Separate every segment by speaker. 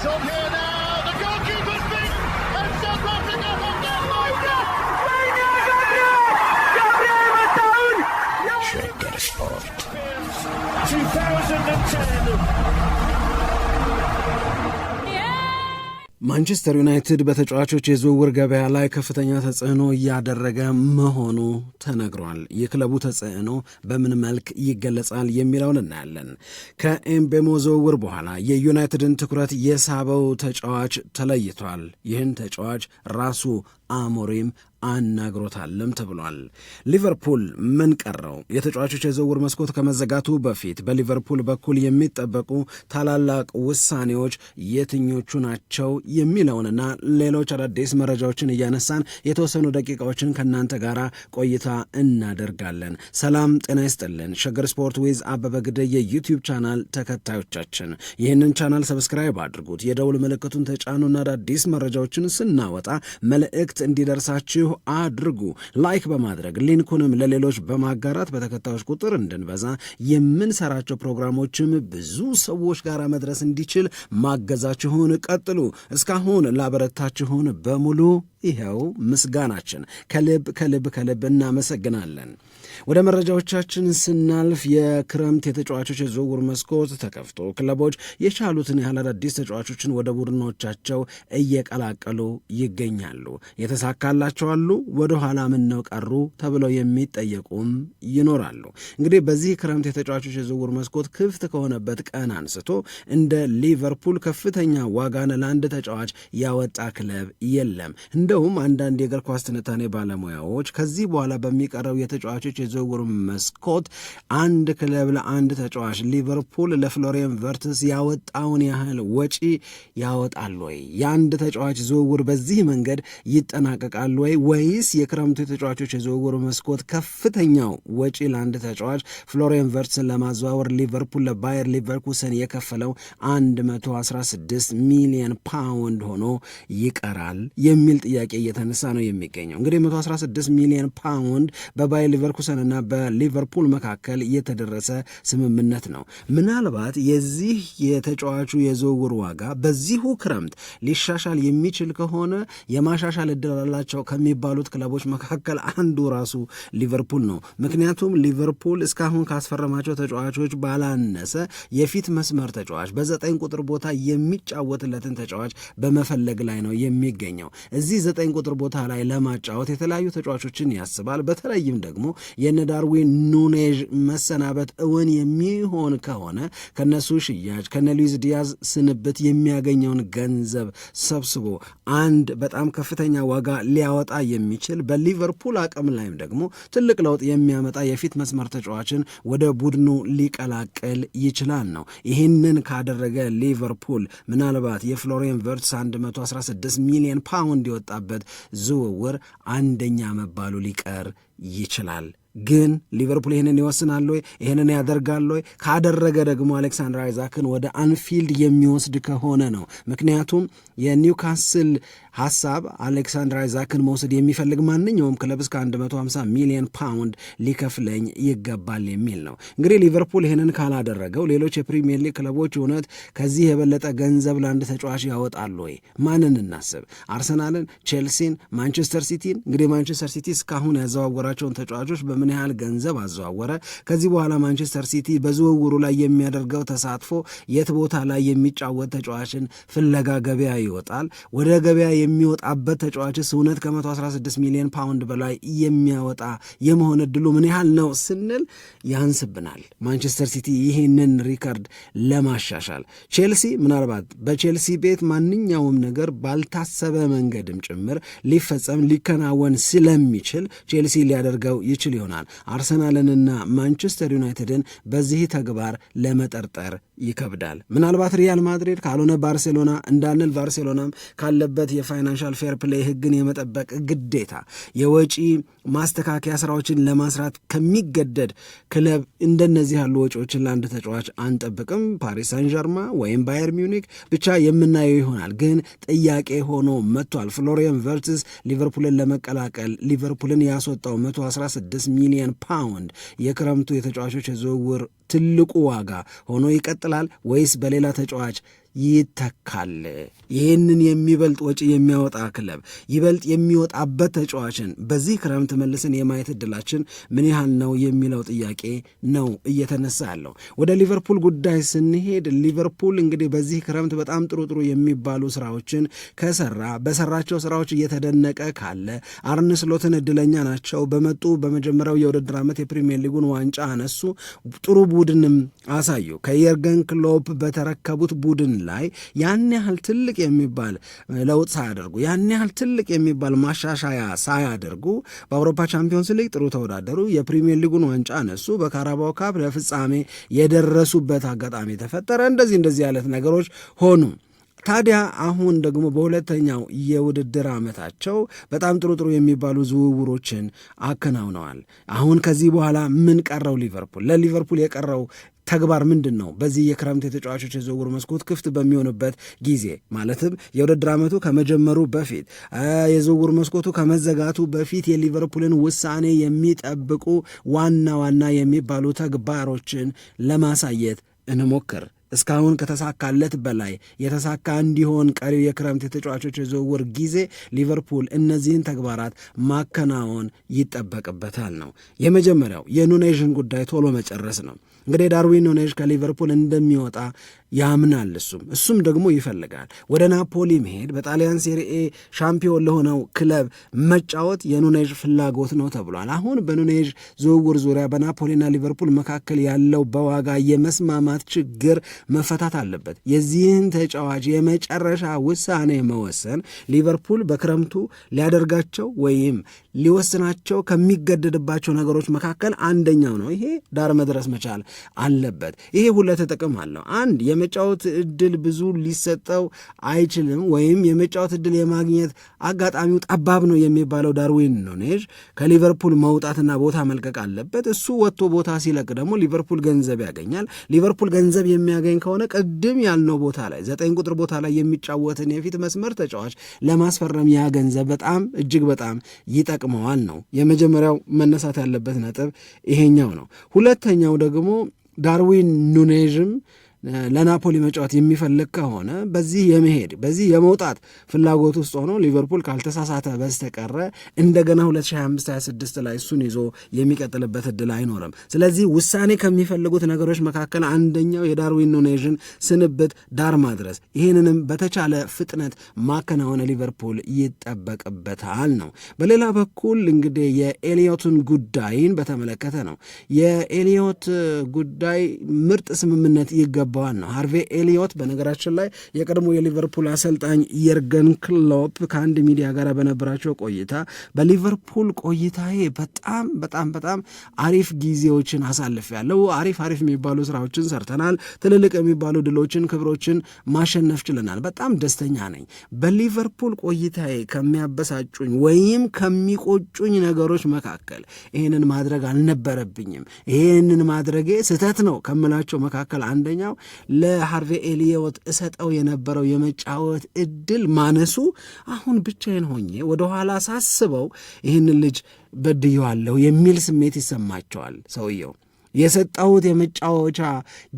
Speaker 1: It's on here. ማንቸስተር ዩናይትድ በተጫዋቾች የዝውውር ገበያ ላይ ከፍተኛ ተጽዕኖ እያደረገ መሆኑ ተነግሯል። የክለቡ ተጽዕኖ በምን መልክ ይገለጻል የሚለውን እናያለን። ከኤምቤሞ ዝውውር በኋላ የዩናይትድን ትኩረት የሳበው ተጫዋች ተለይቷል። ይህን ተጫዋች ራሱ አሞሪም አናግሮታለም ተብሏል። ሊቨርፑል ምን ቀረው? የተጫዋቾች የዝውውር መስኮት ከመዘጋቱ በፊት በሊቨርፑል በኩል የሚጠበቁ ታላላቅ ውሳኔዎች የትኞቹ ናቸው የሚለውንና ሌሎች አዳዲስ መረጃዎችን እያነሳን የተወሰኑ ደቂቃዎችን ከእናንተ ጋር ቆይታ እናደርጋለን። ሰላም ጤና ይስጥልን። ሸገር ስፖርት ዊዝ አበበ ግደይ የዩቲዩብ ቻናል ተከታዮቻችን ይህንን ቻናል ሰብስክራይብ አድርጉት፣ የደውል ምልክቱን ተጫኑና አዳዲስ መረጃዎችን ስናወጣ መልእክት መልእክት እንዲደርሳችሁ አድርጉ። ላይክ በማድረግ ሊንኩንም ለሌሎች በማጋራት በተከታዮች ቁጥር እንድንበዛ የምንሰራቸው ፕሮግራሞችም ብዙ ሰዎች ጋር መድረስ እንዲችል ማገዛችሁን ቀጥሉ። እስካሁን ላበረታችሁን በሙሉ ይኸው ምስጋናችን ከልብ ከልብ ከልብ እናመሰግናለን። ወደ መረጃዎቻችን ስናልፍ የክረምት የተጫዋቾች የዝውውር መስኮት ተከፍቶ ክለቦች የቻሉትን ያህል አዳዲስ ተጫዋቾችን ወደ ቡድኖቻቸው እየቀላቀሉ ይገኛሉ። የተሳካላቸው አሉ፣ ኋላ ምነው ቀሩ ተብለው የሚጠየቁም ይኖራሉ። እንግዲህ በዚህ ክረምት የተጫዋቾች የዝውውር መስኮት ክፍት ከሆነበት ቀን አንስቶ እንደ ሊቨርፑል ከፍተኛ ዋጋን ለአንድ ተጫዋች ያወጣ ክለብ የለም። እንደውም አንዳንድ የእግር ኳስ ትንታኔ ባለሙያዎች ከዚህ በኋላ በሚቀረው የተጫዋቾች የዝውውር መስኮት አንድ ክለብ ለአንድ ተጫዋች ሊቨርፑል ለፍሎሪየን ቨርትስ ያወጣውን ያህል ወጪ ያወጣል ወይ? የአንድ ተጫዋች ዝውውር በዚህ መንገድ ይጠናቀቃል ወይ? ወይስ የክረምቱ የተጫዋቾች የዝውውር መስኮት ከፍተኛው ወጪ ለአንድ ተጫዋች ፍሎሪየን ቨርትስን ለማዘዋወር ሊቨርፑል ለባየር ሊቨርኩሰን የከፈለው 116 ሚሊዮን ፓውንድ ሆኖ ይቀራል የሚል ጥያቄ ጥያቄ እየተነሳ ነው የሚገኘው። እንግዲህ 116 ሚሊዮን ፓውንድ በባየር ሊቨርኩሰን እና በሊቨርፑል መካከል የተደረሰ ስምምነት ነው። ምናልባት የዚህ የተጫዋቹ የዝውውር ዋጋ በዚሁ ክረምት ሊሻሻል የሚችል ከሆነ የማሻሻል እድል አላቸው ከሚባሉት ክለቦች መካከል አንዱ ራሱ ሊቨርፑል ነው። ምክንያቱም ሊቨርፑል እስካሁን ካስፈረማቸው ተጫዋቾች ባላነሰ የፊት መስመር ተጫዋች በዘጠኝ ቁጥር ቦታ የሚጫወትለትን ተጫዋች በመፈለግ ላይ ነው የሚገኘው እዚህ የዘጠኝ ቁጥር ቦታ ላይ ለማጫወት የተለያዩ ተጫዋቾችን ያስባል። በተለይም ደግሞ የነ ዳርዊን ኑኔዥ መሰናበት እውን የሚሆን ከሆነ ከነሱ ሽያጭ ከነ ሉዊዝ ዲያዝ ስንብት የሚያገኘውን ገንዘብ ሰብስቦ አንድ በጣም ከፍተኛ ዋጋ ሊያወጣ የሚችል በሊቨርፑል አቅም ላይም ደግሞ ትልቅ ለውጥ የሚያመጣ የፊት መስመር ተጫዋችን ወደ ቡድኑ ሊቀላቅል ይችላል ነው። ይህንን ካደረገ ሊቨርፑል ምናልባት የፍሎሪን ቨርትስ 116 ሚሊዮን ፓውንድ የወጣ በመጣበት ዝውውር አንደኛ መባሉ ሊቀር ይችላል። ግን ሊቨርፑል ይህንን ይወስናል ወይ? ይህንን ያደርጋል ወይ? ካደረገ ደግሞ አሌክሳንደር አይዛክን ወደ አንፊልድ የሚወስድ ከሆነ ነው። ምክንያቱም የኒውካስል ሀሳብ አሌክሳንድር አይዛክን መውሰድ የሚፈልግ ማንኛውም ክለብ እስከ 150 ሚሊዮን ፓውንድ ሊከፍለኝ ይገባል የሚል ነው። እንግዲህ ሊቨርፑል ይህንን ካላደረገው ሌሎች የፕሪሚየር ሊግ ክለቦች እውነት ከዚህ የበለጠ ገንዘብ ለአንድ ተጫዋች ያወጣሉ ወይ? ማንን እናስብ? አርሰናልን፣ ቼልሲን፣ ማንቸስተር ሲቲን። እንግዲህ ማንቸስተር ሲቲ እስካሁን ያዘዋወራቸውን ተጫዋቾች በምን ያህል ገንዘብ አዘዋወረ? ከዚህ በኋላ ማንቸስተር ሲቲ በዝውውሩ ላይ የሚያደርገው ተሳትፎ የት ቦታ ላይ የሚጫወት ተጫዋችን ፍለጋ ገበያ ይወጣል? ወደ ገበያ የሚወጣበት ተጫዋችስ እውነት ከ116 ሚሊዮን ፓውንድ በላይ የሚያወጣ የመሆን እድሉ ምን ያህል ነው ስንል ያንስብናል። ማንቸስተር ሲቲ ይህንን ሪከርድ ለማሻሻል ቼልሲ ምናልባት በቼልሲ ቤት ማንኛውም ነገር ባልታሰበ መንገድም ጭምር ሊፈጸም ሊከናወን ስለሚችል ቼልሲ ሊያደርገው ይችል ይሆናል። አርሰናልንና ማንቸስተር ዩናይትድን በዚህ ተግባር ለመጠርጠር ይከብዳል። ምናልባት ሪያል ማድሪድ ካልሆነ ባርሴሎና እንዳንል ባርሴሎናም ካለበት የፋ የፋይናንሻል ፌር ፕሌይ ህግን የመጠበቅ ግዴታ የወጪ ማስተካከያ ስራዎችን ለማስራት ከሚገደድ ክለብ እንደነዚህ ያሉ ወጪዎችን ለአንድ ተጫዋች አንጠብቅም። ፓሪስ ሳን ዠርማ ወይም ባየር ሚውኒክ ብቻ የምናየው ይሆናል። ግን ጥያቄ ሆኖ መጥቷል። ፍሎሪየን ቨርትስ ሊቨርፑልን ለመቀላቀል ሊቨርፑልን ያስወጣው 116 ሚሊዮን ፓውንድ የክረምቱ የተጫዋቾች የዝውውር ትልቁ ዋጋ ሆኖ ይቀጥላል ወይስ በሌላ ተጫዋች ይተካል። ይህንን የሚበልጥ ወጪ የሚያወጣ ክለብ ይበልጥ የሚወጣበት ተጫዋችን በዚህ ክረምት መልስን የማየት እድላችን ምን ያህል ነው የሚለው ጥያቄ ነው እየተነሳ ያለው። ወደ ሊቨርፑል ጉዳይ ስንሄድ ሊቨርፑል እንግዲህ በዚህ ክረምት በጣም ጥሩ ጥሩ የሚባሉ ስራዎችን ከሰራ በሰራቸው ስራዎች እየተደነቀ ካለ አርነ ስሎትን እድለኛ ናቸው። በመጡ በመጀመሪያው የውድድር ዓመት የፕሪሚየር ሊጉን ዋንጫ አነሱ። ጥሩ ቡድንም አሳዩ። ከየርገን ክሎፕ በተረከቡት ቡድን ላይ ያን ያህል ትልቅ የሚባል ለውጥ ሳያደርጉ ያን ያህል ትልቅ የሚባል ማሻሻያ ሳያደርጉ በአውሮፓ ቻምፒዮንስ ሊግ ጥሩ ተወዳደሩ፣ የፕሪሚየር ሊጉን ዋንጫ አነሱ፣ በካራባው ካፕ ለፍጻሜ የደረሱበት አጋጣሚ ተፈጠረ። እንደዚህ እንደዚህ አይነት ነገሮች ሆኑ። ታዲያ አሁን ደግሞ በሁለተኛው የውድድር ዓመታቸው በጣም ጥሩ ጥሩ የሚባሉ ዝውውሮችን አከናውነዋል። አሁን ከዚህ በኋላ ምን ቀረው ሊቨርፑል? ለሊቨርፑል የቀረው ተግባር ምንድን ነው? በዚህ የክረምት የተጫዋቾች የዝውውር መስኮት ክፍት በሚሆንበት ጊዜ ማለትም የውድድር ዓመቱ ከመጀመሩ በፊት የዝውውር መስኮቱ ከመዘጋቱ በፊት የሊቨርፑልን ውሳኔ የሚጠብቁ ዋና ዋና የሚባሉ ተግባሮችን ለማሳየት እንሞክር። እስካሁን ከተሳካለት በላይ የተሳካ እንዲሆን ቀሪው የክረምት የተጫዋቾች የዝውውር ጊዜ ሊቨርፑል እነዚህን ተግባራት ማከናወን ይጠበቅበታል ነው። የመጀመሪያው የኑኔዥን ጉዳይ ቶሎ መጨረስ ነው። እንግዲህ ዳርዊን ኑኔዝ ከሊቨርፑል እንደሚወጣ ያምናል። እሱም እሱም ደግሞ ይፈልጋል ወደ ናፖሊ መሄድ፣ በጣሊያን ሴሪኤ ሻምፒዮን ለሆነው ክለብ መጫወት የኑኔዥ ፍላጎት ነው ተብሏል። አሁን በኑኔዥ ዝውውር ዙሪያ በናፖሊና ሊቨርፑል መካከል ያለው በዋጋ የመስማማት ችግር መፈታት አለበት። የዚህን ተጫዋች የመጨረሻ ውሳኔ መወሰን ሊቨርፑል በክረምቱ ሊያደርጋቸው ወይም ሊወስናቸው ከሚገደድባቸው ነገሮች መካከል አንደኛው ነው። ይሄ ዳር መድረስ መቻል አለበት። ይሄ ሁለት ጥቅም አለው። አንድ የመጫወት እድል ብዙ ሊሰጠው አይችልም፣ ወይም የመጫወት እድል የማግኘት አጋጣሚው ጠባብ ነው የሚባለው ዳርዊን ኑኔዥ ከሊቨርፑል መውጣትና ቦታ መልቀቅ አለበት። እሱ ወጥቶ ቦታ ሲለቅ ደግሞ ሊቨርፑል ገንዘብ ያገኛል። ሊቨርፑል ገንዘብ የሚያገኝ ከሆነ ቅድም ያልነው ቦታ ላይ ዘጠኝ ቁጥር ቦታ ላይ የሚጫወትን የፊት መስመር ተጫዋች ለማስፈረም ያ ገንዘብ በጣም እጅግ በጣም ይጠቅመዋል ነው የመጀመሪያው መነሳት ያለበት ነጥብ ይሄኛው ነው። ሁለተኛው ደግሞ ዳርዊን ኑኔዥም ለናፖሊ መጫወት የሚፈልግ ከሆነ በዚህ የመሄድ በዚህ የመውጣት ፍላጎት ውስጥ ሆኖ ሊቨርፑል ካልተሳሳተ በስተቀረ እንደገና 2025/26 ላይ እሱን ይዞ የሚቀጥልበት እድል አይኖርም። ስለዚህ ውሳኔ ከሚፈልጉት ነገሮች መካከል አንደኛው የዳርዊን ኑኔዥን ስንብት ዳር ማድረስ፣ ይህንንም በተቻለ ፍጥነት ማከናወን ሊቨርፑል ይጠበቅበታል ነው። በሌላ በኩል እንግዲህ የኤሊዮትን ጉዳይን በተመለከተ ነው። የኤሊዮት ጉዳይ ምርጥ ስምምነት ይገባል ይገባዋል ነው። ሃርቬ ኤሊዮት በነገራችን ላይ የቀድሞ የሊቨርፑል አሰልጣኝ የርገን ክሎፕ ከአንድ ሚዲያ ጋር በነበራቸው ቆይታ በሊቨርፑል ቆይታዬ በጣም በጣም በጣም አሪፍ ጊዜዎችን ያለው አሪፍ አሪፍ የሚባሉ ስራዎችን ሰርተናል። ትልልቅ የሚባሉ ድሎችን፣ ክብሮችን ማሸነፍ ችለናል። በጣም ደስተኛ ነኝ። በሊቨርፑል ቆይታዬ ከሚያበሳጩኝ ወይም ከሚቆጩኝ ነገሮች መካከል ይህንን ማድረግ አልነበረብኝም፣ ይህንን ማድረጌ ስህተት ነው ከምላቸው መካከል አንደኛው ለሃርቬ ኤሊዮት እሰጠው የነበረው የመጫወት እድል ማነሱ አሁን ብቻዬን ሆኜ ወደኋላ ሳስበው ይህን ልጅ በድየዋለሁ የሚል ስሜት ይሰማቸዋል ሰውየው። የሰጠሁት የመጫወቻ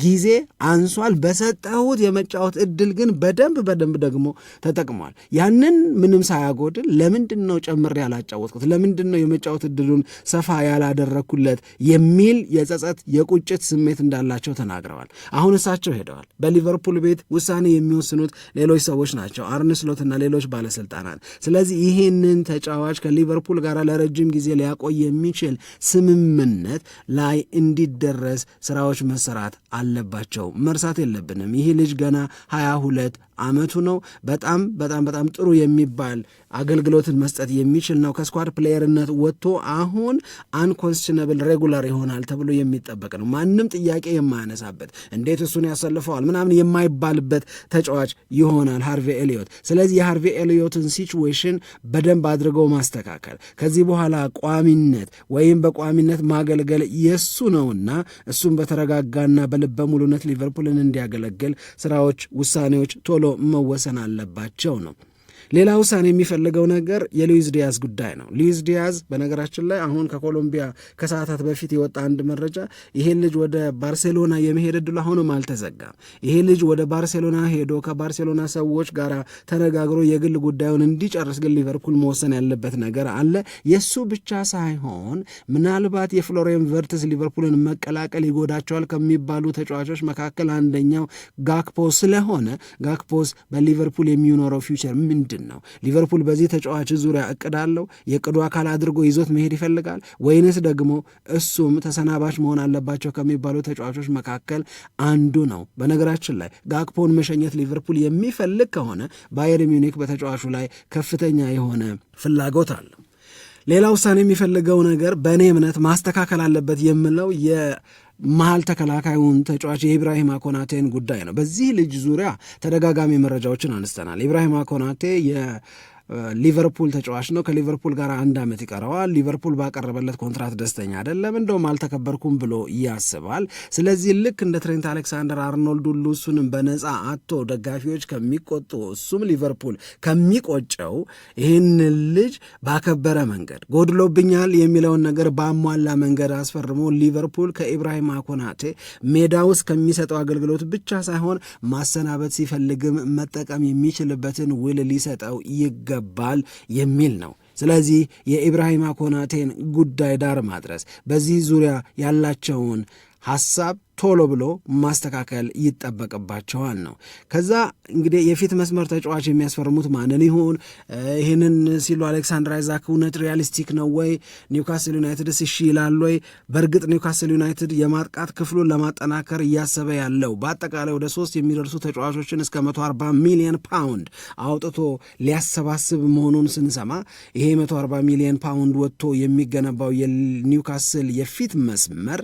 Speaker 1: ጊዜ አንሷል። በሰጠሁት የመጫወት እድል ግን በደንብ በደንብ ደግሞ ተጠቅሟል። ያንን ምንም ሳያጎድል ለምንድን ነው ጨምር ያላጫወትኩት? ለምንድን ነው የመጫወት እድሉን ሰፋ ያላደረግኩለት? የሚል የጸጸት የቁጭት ስሜት እንዳላቸው ተናግረዋል። አሁን እሳቸው ሄደዋል። በሊቨርፑል ቤት ውሳኔ የሚወስኑት ሌሎች ሰዎች ናቸው፣ አርነ ስሎትና ሌሎች ባለስልጣናት። ስለዚህ ይህንን ተጫዋች ከሊቨርፑል ጋር ለረጅም ጊዜ ሊያቆይ የሚችል ስምምነት ላይ እንዲ እንዲደረስ ስራዎች መሰራት አለባቸው። መርሳት የለብንም ይህ ልጅ ገና ሀያ ሁለት አመቱ ነው። በጣም በጣም በጣም ጥሩ የሚባል አገልግሎትን መስጠት የሚችል ነው። ከስኳድ ፕሌየርነት ወጥቶ አሁን አንኮንስሽነብል ሬጉላር ይሆናል ተብሎ የሚጠበቅ ነው። ማንም ጥያቄ የማያነሳበት እንዴት እሱን ያሰልፈዋል ምናምን የማይባልበት ተጫዋች ይሆናል ሃርቪ ኤሊዮት። ስለዚህ የሃርቪ ኤሊዮትን ሲችዌሽን በደንብ አድርገው ማስተካከል፣ ከዚህ በኋላ ቋሚነት ወይም በቋሚነት ማገልገል የሱ ነውና እሱን በተረጋጋና በልበ ሙሉነት ሊቨርፑልን እንዲያገለግል ስራዎች፣ ውሳኔዎች ቶሎ መወሰን አለባቸው ነው ሌላ ውሳኔ የሚፈልገው ነገር የሉዊዝ ዲያዝ ጉዳይ ነው። ሉዊዝ ዲያዝ በነገራችን ላይ አሁን ከኮሎምቢያ ከሰዓታት በፊት የወጣ አንድ መረጃ ይሄ ልጅ ወደ ባርሴሎና የመሄድ ዕድሉ አሁንም አልተዘጋም። ይሄ ልጅ ወደ ባርሴሎና ሄዶ ከባርሴሎና ሰዎች ጋር ተነጋግሮ የግል ጉዳዩን እንዲጨርስ ግን ሊቨርፑል መወሰን ያለበት ነገር አለ። የእሱ ብቻ ሳይሆን ምናልባት የፍሎሬን ቨርትስ ሊቨርፑልን መቀላቀል ይጎዳቸዋል ከሚባሉ ተጫዋቾች መካከል አንደኛው ጋክፖ ስለሆነ ጋክፖስ በሊቨርፑል የሚኖረው ፊውቸር ምንድን ምንድን ነው? ሊቨርፑል በዚህ ተጫዋች ዙሪያ እቅድ አለው? የእቅዱ አካል አድርጎ ይዞት መሄድ ይፈልጋል ወይንስ ደግሞ እሱም ተሰናባሽ መሆን አለባቸው ከሚባሉ ተጫዋቾች መካከል አንዱ ነው? በነገራችን ላይ ጋክፖን መሸኘት ሊቨርፑል የሚፈልግ ከሆነ ባየር ሚኒክ በተጫዋቹ ላይ ከፍተኛ የሆነ ፍላጎት አለው። ሌላ ውሳኔ የሚፈልገው ነገር በእኔ እምነት ማስተካከል አለበት የምለው መሀል ተከላካዩን ተጫዋች የኢብራሂማ ኮናቴን ጉዳይ ነው። በዚህ ልጅ ዙሪያ ተደጋጋሚ መረጃዎችን አንስተናል። ኢብራሂማ ኮናቴ ሊቨርፑል ተጫዋች ነው። ከሊቨርፑል ጋር አንድ ዓመት ይቀረዋል። ሊቨርፑል ባቀረበለት ኮንትራት ደስተኛ አይደለም፣ እንደውም አልተከበርኩም ብሎ ያስባል። ስለዚህ ልክ እንደ ትሬንት አሌክሳንደር አርኖልድ ሁሉ እሱንም በነፃ አቶ ደጋፊዎች ከሚቆጡ እሱም ሊቨርፑል ከሚቆጨው ይህን ልጅ ባከበረ መንገድ ጎድሎብኛል የሚለውን ነገር ባሟላ መንገድ አስፈርሞ ሊቨርፑል ከኢብራሂም አኮናቴ ሜዳ ውስጥ ከሚሰጠው አገልግሎት ብቻ ሳይሆን ማሰናበት ሲፈልግም መጠቀም የሚችልበትን ውል ሊሰጠው ይገባል። ይገባል የሚል ነው። ስለዚህ የኢብራሂማ ኮናቴን ጉዳይ ዳር ማድረስ በዚህ ዙሪያ ያላቸውን ሀሳብ ቶሎ ብሎ ማስተካከል ይጠበቅባቸዋል ነው። ከዛ እንግዲህ የፊት መስመር ተጫዋች የሚያስፈርሙት ማንን ይሁን? ይህንን ሲሉ አሌክሳንድር አይዛክ እውነት ሪያሊስቲክ ነው ወይ? ኒውካስል ዩናይትድስ እሺ ይላል ወይ? በእርግጥ ኒውካስል ዩናይትድ የማጥቃት ክፍሉን ለማጠናከር እያሰበ ያለው በአጠቃላይ ወደ ሶስት የሚደርሱ ተጫዋቾችን እስከ 140 ሚሊዮን ፓውንድ አውጥቶ ሊያሰባስብ መሆኑን ስንሰማ ይሄ 140 ሚሊዮን ፓውንድ ወጥቶ የሚገነባው የኒውካስል የፊት መስመር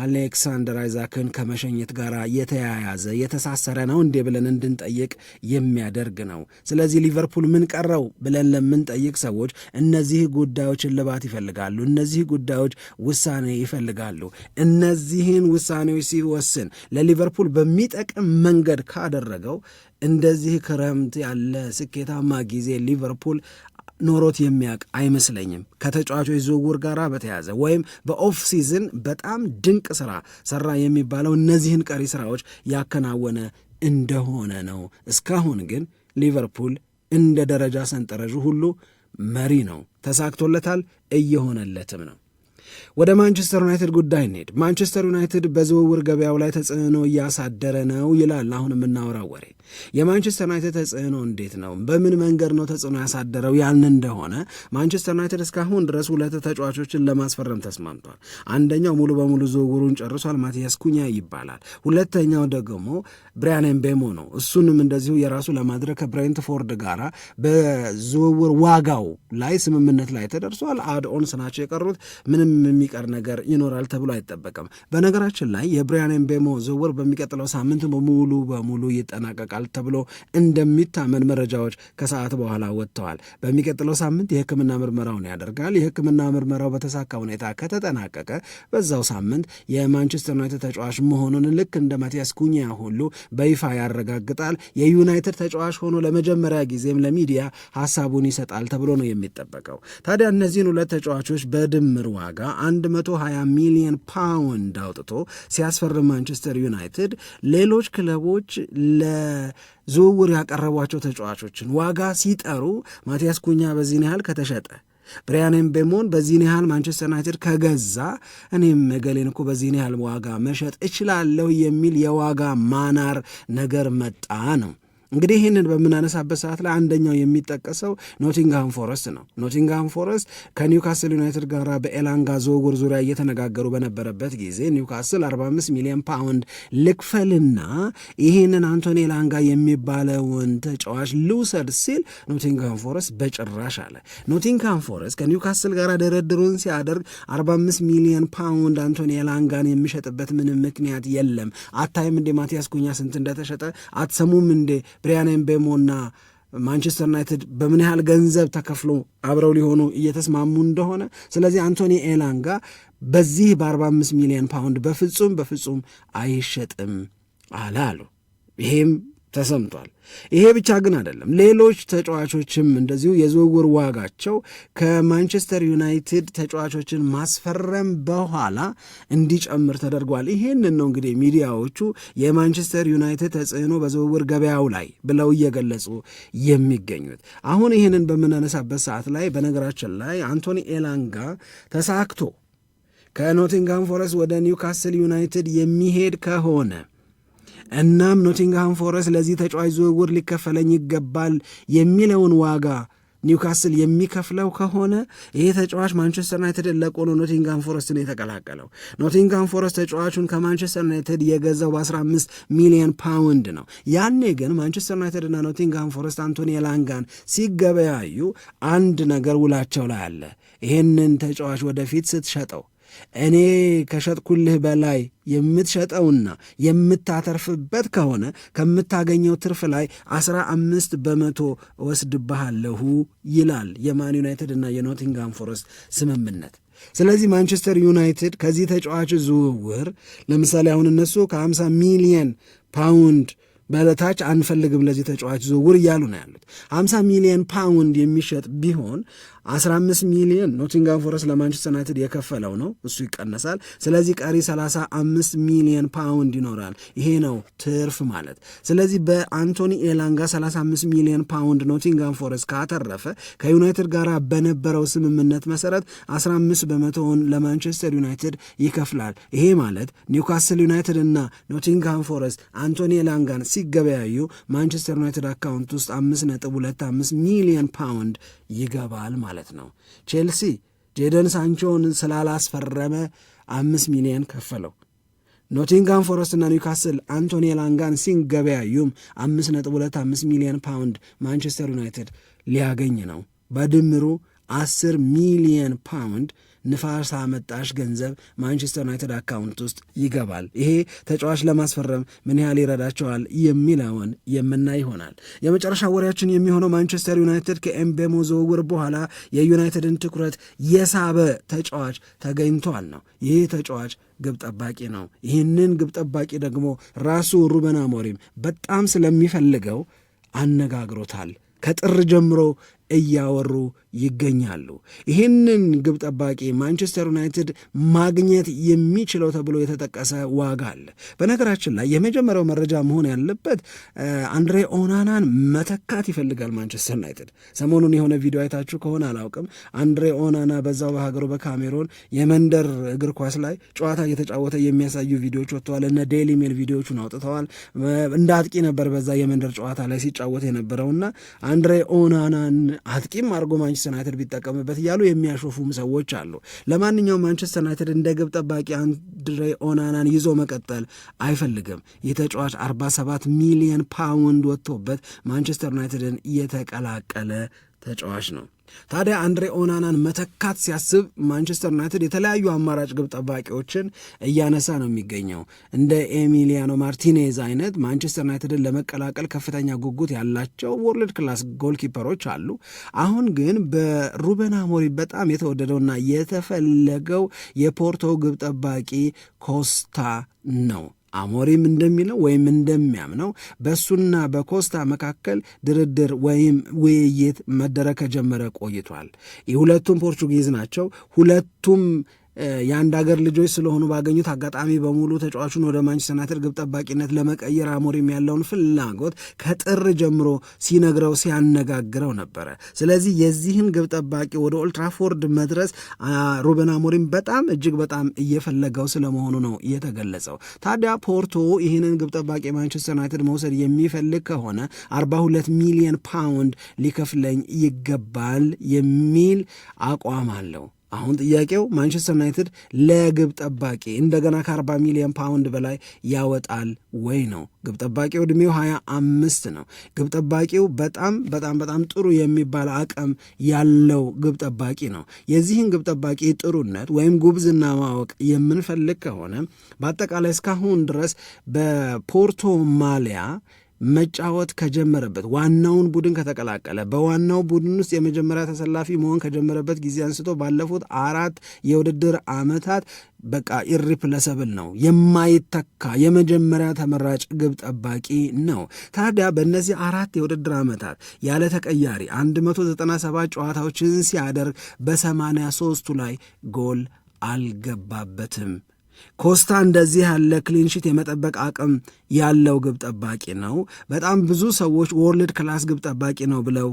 Speaker 1: አሌክሳንደር አይዛክን ከመሸኘት ጋር የተያያዘ የተሳሰረ ነው እንዴ ብለን እንድንጠይቅ የሚያደርግ ነው። ስለዚህ ሊቨርፑል ምን ቀረው ብለን ለምንጠይቅ ሰዎች እነዚህ ጉዳዮች እልባት ይፈልጋሉ። እነዚህ ጉዳዮች ውሳኔ ይፈልጋሉ። እነዚህን ውሳኔዎች ሲወስን ለሊቨርፑል በሚጠቅም መንገድ ካደረገው እንደዚህ ክረምት ያለ ስኬታማ ጊዜ ሊቨርፑል ኖሮት የሚያውቅ አይመስለኝም። ከተጫዋቾች ዝውውር ጋር በተያዘ ወይም በኦፍ ሲዝን በጣም ድንቅ ስራ ሰራ የሚባለው እነዚህን ቀሪ ስራዎች ያከናወነ እንደሆነ ነው። እስካሁን ግን ሊቨርፑል እንደ ደረጃ ሰንጠረዡ ሁሉ መሪ ነው። ተሳክቶለታል፣ እየሆነለትም ነው። ወደ ማንቸስተር ዩናይትድ ጉዳይ እንሄድ። ማንቸስተር ዩናይትድ በዝውውር ገበያው ላይ ተጽዕኖ እያሳደረ ነው ይላል አሁን የምናወራው ወሬ። የማንቸስተር ዩናይትድ ተጽዕኖ እንዴት ነው? በምን መንገድ ነው ተጽዕኖ ያሳደረው? ያልን እንደሆነ ማንቸስተር ዩናይትድ እስካሁን ድረስ ሁለት ተጫዋቾችን ለማስፈረም ተስማምቷል። አንደኛው ሙሉ በሙሉ ዝውውሩን ጨርሷል፣ ማቲያስ ኩኛ ይባላል። ሁለተኛው ደግሞ ብሪያን ኤምቤሞ ነው። እሱንም እንደዚሁ የራሱ ለማድረግ ከብሬንትፎርድ ጋራ በዝውውር ዋጋው ላይ ስምምነት ላይ ተደርሷል። አድኦንስ ናቸው የቀሩት ምንም የሚቀር ነገር ይኖራል ተብሎ አይጠበቅም። በነገራችን ላይ የብሪያን ኤምቤሞ ዝውውር በሚቀጥለው ሳምንት በሙሉ በሙሉ ይጠናቀቃል ተብሎ እንደሚታመን መረጃዎች ከሰዓት በኋላ ወጥተዋል። በሚቀጥለው ሳምንት የሕክምና ምርመራውን ያደርጋል። የሕክምና ምርመራው በተሳካ ሁኔታ ከተጠናቀቀ በዛው ሳምንት የማንቸስተር ዩናይትድ ተጫዋች መሆኑን ልክ እንደ ማቲያስ ኩኛ ሁሉ በይፋ ያረጋግጣል። የዩናይትድ ተጫዋች ሆኖ ለመጀመሪያ ጊዜም ለሚዲያ ሀሳቡን ይሰጣል ተብሎ ነው የሚጠበቀው። ታዲያ እነዚህን ሁለት ተጫዋቾች በድምር ዋጋ 120 ሚሊዮን ፓውንድ አውጥቶ ሲያስፈርም ማንቸስተር ዩናይትድ ሌሎች ክለቦች ለ ዝውውር ያቀረቧቸው ተጫዋቾችን ዋጋ ሲጠሩ ማቲያስ ኩኛ በዚህን ያህል ከተሸጠ ብሪያን ምቤሞን በዚህን ያህል ማንቸስተር ዩናይትድ ከገዛ እኔም መገሌን እኮ በዚህን ያህል ዋጋ መሸጥ እችላለሁ የሚል የዋጋ ማናር ነገር መጣ ነው። እንግዲህ ይህንን በምናነሳበት ሰዓት ላይ አንደኛው የሚጠቀሰው ኖቲንግሃም ፎረስት ነው። ኖቲንግሃም ፎረስት ከኒውካስል ዩናይትድ ጋር በኤላንጋ ዝውውር ዙሪያ እየተነጋገሩ በነበረበት ጊዜ ኒውካስል 45 ሚሊዮን ፓውንድ ልክፈልና ይህንን አንቶኒ ኤላንጋ የሚባለውን ተጫዋች ልውሰድ ሲል ኖቲንግሃም ፎረስት በጭራሽ አለ። ኖቲንግሃም ፎረስት ከኒውካስል ጋር ድርድሩን ሲያደርግ 45 ሚሊዮን ፓውንድ አንቶኒ ኤላንጋን የሚሸጥበት ምንም ምክንያት የለም። አታይም እንዴ ማቲያስ ኩኛ ስንት እንደተሸጠ አትሰሙም እንዴ ብሪያን ኤምቤሞ ማንቸስተር ዩናይትድ በምን ያህል ገንዘብ ተከፍሎ አብረው ሊሆኑ እየተስማሙ እንደሆነ። ስለዚህ አንቶኒ ኤላንጋ በዚህ በ45 ሚሊዮን ፓውንድ በፍጹም በፍጹም አይሸጥም አለ አሉ። ይሄም ተሰምቷል። ይሄ ብቻ ግን አይደለም። ሌሎች ተጫዋቾችም እንደዚሁ የዝውውር ዋጋቸው ከማንቸስተር ዩናይትድ ተጫዋቾችን ማስፈረም በኋላ እንዲጨምር ተደርጓል። ይሄንን ነው እንግዲህ ሚዲያዎቹ የማንቸስተር ዩናይትድ ተጽዕኖ በዝውውር ገበያው ላይ ብለው እየገለጹ የሚገኙት። አሁን ይህንን በምናነሳበት ሰዓት ላይ በነገራችን ላይ አንቶኒ ኤላንጋ ተሳክቶ ከኖቲንጋም ፎረስት ወደ ኒውካስል ዩናይትድ የሚሄድ ከሆነ እናም ኖቲንግሃም ፎረስት ለዚህ ተጫዋች ዝውውር ሊከፈለኝ ይገባል የሚለውን ዋጋ ኒውካስል የሚከፍለው ከሆነ ይሄ ተጫዋች ማንቸስተር ዩናይትድ ለቆ ነው ኖቲንግሃም ፎረስትን የተቀላቀለው። ኖቲንግሃም ፎረስት ተጫዋቹን ከማንቸስተር ዩናይትድ የገዛው በ15 ሚሊዮን ፓውንድ ነው። ያኔ ግን ማንቸስተር ዩናይትድ እና ኖቲንግሃም ፎረስት አንቶኒ ላንጋን ሲገበያዩ አንድ ነገር ውላቸው ላይ አለ። ይህንን ተጫዋች ወደፊት ስትሸጠው እኔ ከሸጥኩልህ በላይ የምትሸጠውና የምታተርፍበት ከሆነ ከምታገኘው ትርፍ ላይ አስራ አምስት በመቶ ወስድብሃለሁ ይላል የማን ዩናይትድ እና የኖቲንግሃም ፎረስት ስምምነት። ስለዚህ ማንቸስተር ዩናይትድ ከዚህ ተጫዋች ዝውውር ለምሳሌ አሁን እነሱ ከ50 ሚሊየን ፓውንድ በለታች አንፈልግም ለዚህ ተጫዋች ዝውውር እያሉ ነው ያሉት። 50 ሚሊየን ፓውንድ የሚሸጥ ቢሆን 15 ሚሊዮን ኖቲንጋም ፎረስት ለማንቸስተር ዩናይትድ የከፈለው ነው፣ እሱ ይቀነሳል። ስለዚህ ቀሪ 35 ሚሊዮን ፓውንድ ይኖራል። ይሄ ነው ትርፍ ማለት። ስለዚህ በአንቶኒ ኤላንጋ 35 ሚሊዮን ፓውንድ ኖቲንጋም ፎረስት ካተረፈ ከዩናይትድ ጋር በነበረው ስምምነት መሰረት 15 በመቶውን ለማንቸስተር ዩናይትድ ይከፍላል። ይሄ ማለት ኒውካስል ዩናይትድ እና ኖቲንጋም ፎረስት አንቶኒ ኤላንጋን ሲገበያዩ ማንቸስተር ዩናይትድ አካውንት ውስጥ 5.25 ሚሊዮን ፓውንድ ይገባል ማለት ማለት ነው። ቼልሲ ጄደን ሳንቾን ስላላስፈረመ አምስት ሚሊየን ከፈለው። ኖቲንጋም ፎረስት እና ኒውካስል አንቶኒ ላንጋን ሲንገበያዩም አምስት ነጥብ ሁለት አምስት ሚሊየን ፓውንድ ማንቸስተር ዩናይትድ ሊያገኝ ነው። በድምሩ አስር ሚሊየን ፓውንድ ንፋስ አመጣሽ ገንዘብ ማንቸስተር ዩናይትድ አካውንት ውስጥ ይገባል። ይሄ ተጫዋች ለማስፈረም ምን ያህል ይረዳቸዋል የሚለውን የምናይ ይሆናል። የመጨረሻ ወሬያችን የሚሆነው ማንቸስተር ዩናይትድ ከኤምቤሞ ዝውውር በኋላ የዩናይትድን ትኩረት የሳበ ተጫዋች ተገኝቷል ነው። ይህ ተጫዋች ግብ ጠባቂ ነው። ይህንን ግብ ጠባቂ ደግሞ ራሱ ሩበን አሞሪም በጣም ስለሚፈልገው አነጋግሮታል። ከጥር ጀምሮ እያወሩ ይገኛሉ። ይህንን ግብ ጠባቂ ማንቸስተር ዩናይትድ ማግኘት የሚችለው ተብሎ የተጠቀሰ ዋጋ አለ። በነገራችን ላይ የመጀመሪያው መረጃ መሆን ያለበት አንድሬ ኦናናን መተካት ይፈልጋል ማንቸስተር ዩናይትድ። ሰሞኑን የሆነ ቪዲዮ አይታችሁ ከሆነ አላውቅም፣ አንድሬ ኦናና በዛው በሀገሩ በካሜሮን የመንደር እግር ኳስ ላይ ጨዋታ እየተጫወተ የሚያሳዩ ቪዲዮዎች ወጥተዋል። እነ ዴይሊ ሜል ቪዲዮዎቹን አውጥተዋል። እንደ አጥቂ ነበር በዛ የመንደር ጨዋታ ላይ ሲጫወት የነበረውና አንድሬ ኦናናን አጥቂም አድርጎ ማንቸስተር ዩናይትድ ቢጠቀምበት እያሉ የሚያሾፉም ሰዎች አሉ። ለማንኛውም ማንቸስተር ዩናይትድ እንደ ግብ ጠባቂ አንድሬ ኦናናን ይዞ መቀጠል አይፈልግም። የተጫዋች 47 ሚሊዮን ፓውንድ ወጥቶበት ማንቸስተር ዩናይትድን የተቀላቀለ ተጫዋች ነው። ታዲያ አንድሬ ኦናናን መተካት ሲያስብ ማንቸስተር ዩናይትድ የተለያዩ አማራጭ ግብ ጠባቂዎችን እያነሳ ነው የሚገኘው። እንደ ኤሚሊያኖ ማርቲኔዝ አይነት ማንቸስተር ዩናይትድን ለመቀላቀል ከፍተኛ ጉጉት ያላቸው ወርልድ ክላስ ጎልኪፐሮች አሉ። አሁን ግን በሩበን ሞሪ በጣም የተወደደውና የተፈለገው የፖርቶ ግብ ጠባቂ ኮስታ ነው። አሞሪም እንደሚለው ወይም እንደሚያምነው በእሱና በኮስታ መካከል ድርድር ወይም ውይይት መደረግ ከጀመረ ቆይቷል። የሁለቱም ፖርቹጊዝ ናቸው። ሁለቱም የአንድ ሀገር ልጆች ስለሆኑ ባገኙት አጋጣሚ በሙሉ ተጫዋቹን ወደ ማንቸስተር ዩናይትድ ግብ ጠባቂነት ለመቀየር አሞሪም ያለውን ፍላጎት ከጥር ጀምሮ ሲነግረው ሲያነጋግረው ነበረ። ስለዚህ የዚህን ግብ ጠባቂ ወደ ኦልትራፎርድ መድረስ ሩበን አሞሪም በጣም እጅግ በጣም እየፈለገው ስለመሆኑ ነው የተገለጸው። ታዲያ ፖርቶ ይህንን ግብ ጠባቂ ማንቸስተር ዩናይትድ መውሰድ የሚፈልግ ከሆነ 42 ሚሊዮን ፓውንድ ሊከፍለኝ ይገባል የሚል አቋም አለው። አሁን ጥያቄው ማንቸስተር ዩናይትድ ለግብ ጠባቂ እንደገና ከ40 ሚሊዮን ፓውንድ በላይ ያወጣል ወይ ነው። ግብ ጠባቂው ዕድሜው 25 ነው። ግብ ጠባቂው በጣም በጣም በጣም ጥሩ የሚባል አቅም ያለው ግብ ጠባቂ ነው። የዚህን ግብ ጠባቂ ጥሩነት ወይም ጉብዝና ማወቅ የምንፈልግ ከሆነ በአጠቃላይ እስካሁን ድረስ በፖርቶ ማሊያ መጫወት ከጀመረበት ዋናውን ቡድን ከተቀላቀለ በዋናው ቡድን ውስጥ የመጀመሪያ ተሰላፊ መሆን ከጀመረበት ጊዜ አንስቶ ባለፉት አራት የውድድር ዓመታት በቃ ኢሪፕለሰብል ነው፣ የማይተካ የመጀመሪያ ተመራጭ ግብ ጠባቂ ነው። ታዲያ በእነዚህ አራት የውድድር ዓመታት ያለ ተቀያሪ 197 ጨዋታዎችን ሲያደርግ በ83ቱ ላይ ጎል አልገባበትም። ኮስታ እንደዚህ ያለ ክሊንሺት የመጠበቅ አቅም ያለው ግብ ጠባቂ ነው። በጣም ብዙ ሰዎች ወርልድ ክላስ ግብ ጠባቂ ነው ብለው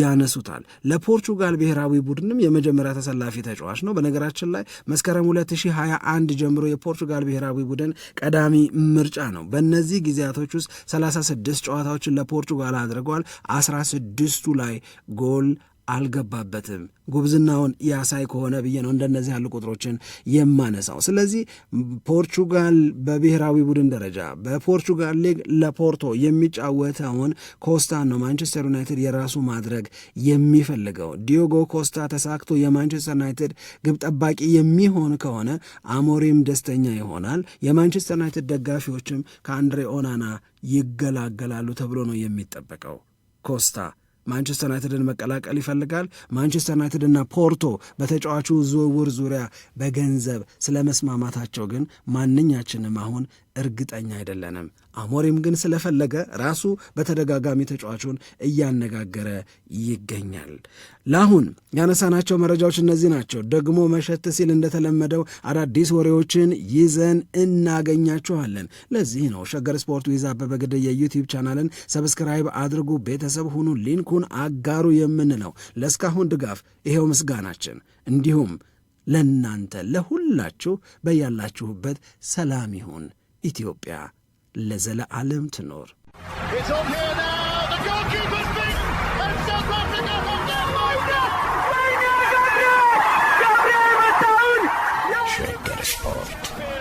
Speaker 1: ያነሱታል። ለፖርቹጋል ብሔራዊ ቡድንም የመጀመሪያ ተሰላፊ ተጫዋች ነው። በነገራችን ላይ መስከረም 2021 ጀምሮ የፖርቹጋል ብሔራዊ ቡድን ቀዳሚ ምርጫ ነው። በእነዚህ ጊዜያቶች ውስጥ 36 ጨዋታዎችን ለፖርቹጋል አድርገዋል። 16ቱ ላይ ጎል አልገባበትም። ጉብዝናውን ያሳይ ከሆነ ብዬ ነው እንደነዚህ ያሉ ቁጥሮችን የማነሳው። ስለዚህ ፖርቹጋል በብሔራዊ ቡድን ደረጃ በፖርቹጋል ሊግ ለፖርቶ የሚጫወተውን ኮስታ ነው ማንቸስተር ዩናይትድ የራሱ ማድረግ የሚፈልገው። ዲዮጎ ኮስታ ተሳክቶ የማንቸስተር ዩናይትድ ግብ ጠባቂ የሚሆን ከሆነ አሞሪም ደስተኛ ይሆናል። የማንቸስተር ዩናይትድ ደጋፊዎችም ከአንድሬ ኦናና ይገላገላሉ ተብሎ ነው የሚጠበቀው ኮስታ ማንቸስተር ዩናይትድን መቀላቀል ይፈልጋል። ማንቸስተር ዩናይትድና ፖርቶ በተጫዋቹ ዝውውር ዙሪያ በገንዘብ ስለመስማማታቸው ግን ማንኛችንም አሁን እርግጠኛ አይደለንም። አሞሪም ግን ስለፈለገ ራሱ በተደጋጋሚ ተጫዋቹን እያነጋገረ ይገኛል። ለአሁን ያነሳናቸው መረጃዎች እነዚህ ናቸው። ደግሞ መሸት ሲል እንደተለመደው አዳዲስ ወሬዎችን ይዘን እናገኛችኋለን። ለዚህ ነው ሸገር ስፖርት ዊዛ አበበ ግደይ የዩቲዩብ ቻናልን ሰብስክራይብ አድርጉ፣ ቤተሰብ ሁኑ፣ ሊንኩን አጋሩ የምንለው። ለእስካሁን ድጋፍ ይሄው ምስጋናችን እንዲሁም ለእናንተ ለሁላችሁ በያላችሁበት ሰላም ይሁን ኢትዮጵያ ለዘለዓለም ትኖር። ሽግግር ስፖርት